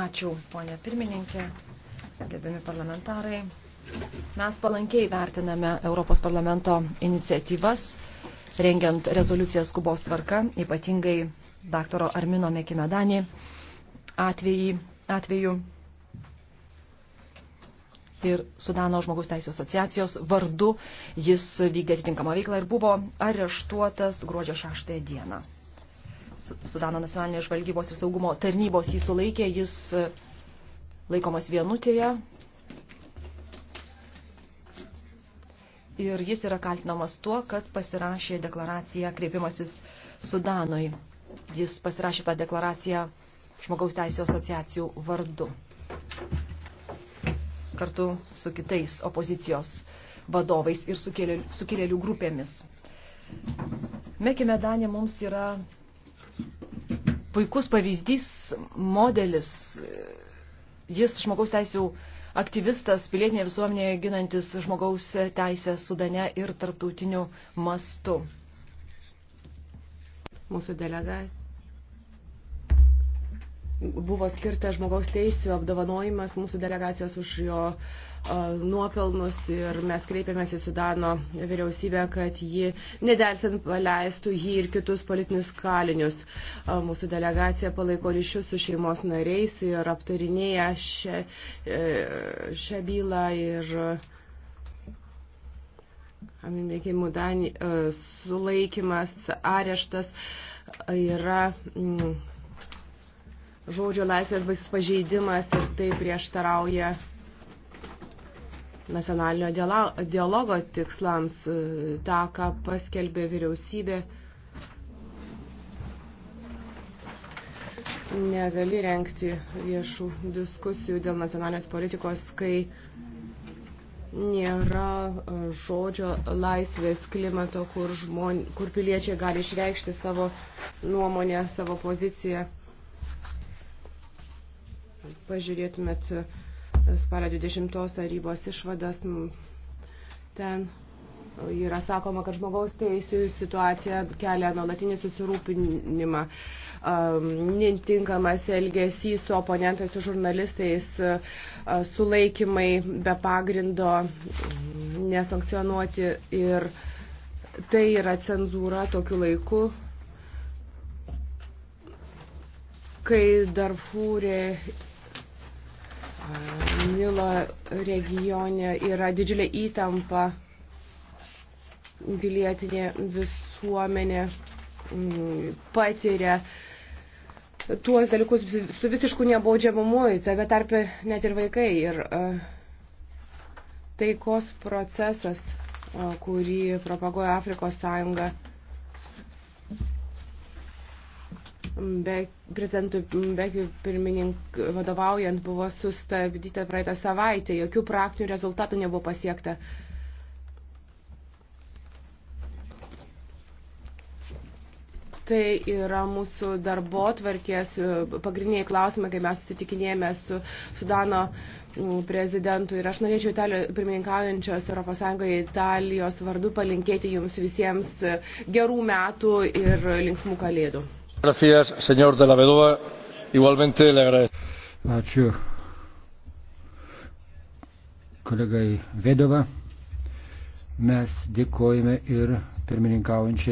Ačiū, ponė pirmininkė, gerbiami parlamentarai. Mes palankiai vertiname Europos parlamento iniciatyvas, rengiant rezoliuciją skubos tvarka, ypatingai daktaro Armino Mekimedanį atvejį, atveju ir Sudano žmogaus teisų asociacijos vardu jis vykdė atitinkamą veiklą ir buvo areštuotas gruodžio 6 dieną. Sudano nacionalinės žvalgybos ir saugumo tarnybos jį sulaikė, jis e, laikomas vienutėje ir jis yra kaltinamas tuo, kad pasirašė deklaraciją kreipimasis Sudanui. Jis pasirašė tą deklaraciją žmogaus teisų asociacijų vardu kartu su kitais opozicijos vadovais ir sukilėlių grupėmis. Mekime Danė mums yra puikus pavyzdys, modelis. Jis žmogaus teisų aktyvistas, pilietinė visuomenė ginantis žmogaus teisę Sudane ir tarptautiniu mastu. Mūsų delegacija buvo skirtas žmogaus teisų apdovanojimas mūsų delegacijos už jo nuopelnus ir mes kreipėmės į Sudano vyriausybę, kad ji nedelsiant paleistų jį ir kitus politinius kalinius. Mūsų delegacija palaiko ryšius su šeimos nariais ir aptarinėja šią, e, šią bylą ir Amimėkiai Mudani e, sulaikimas, areštas yra. Mm, žodžio laisvės baisus pažeidimas ir tai prieštarauja nacionalinio dialogo tikslams, tą, ką paskelbė vyriausybė. Negali renkti viešų diskusijų dėl nacionalinės politikos, kai nėra e, žodžio laisvės klimato, kur, žmon, kur piliečiai gali išreikšti savo nuomonę, savo poziciją pažiūrėtumėt e, spalio 20 tarybos išvadas, ten yra sakoma, kad žmogaus teisų situacija kelia nuolatinį susirūpinimą. E, Netinkamas elgesys su oponentais, su žurnalistais, e, sulaikymai be pagrindo, nesankcionuoti ir tai yra cenzūra tokiu laiku, kai Darfūrė Nilo regione yra didžiulė įtampa pilietinė visuomenė mm, patiria tuos dalykus su visišku nebaudžiamumu, tave tarpe net ir vaikai. Ir e, taikos procesas, kurį propaguoja Afrikos sąjunga Be, prezidentui Bekiu pirmininkui vadovaujant buvo sustabdyta praeitą savaitę, jokių praktinių rezultatų nebuvo pasiekta. Tai yra mūsų darbo tvarkės pagrindiniai klausimai, kai mes susitikinėjame su Sudano mm, prezidentu. Ir aš norėčiau Italijos, pirmininkaujančios ES Italijos vardu palinkėti jums visiems gerų metų ir linksmų kalėdų. Gracias, señor de la Vedova. Igualmente le agradezco. Ačiū kolegai Vedova. Mes dėkojame ir pirmininkaujančiai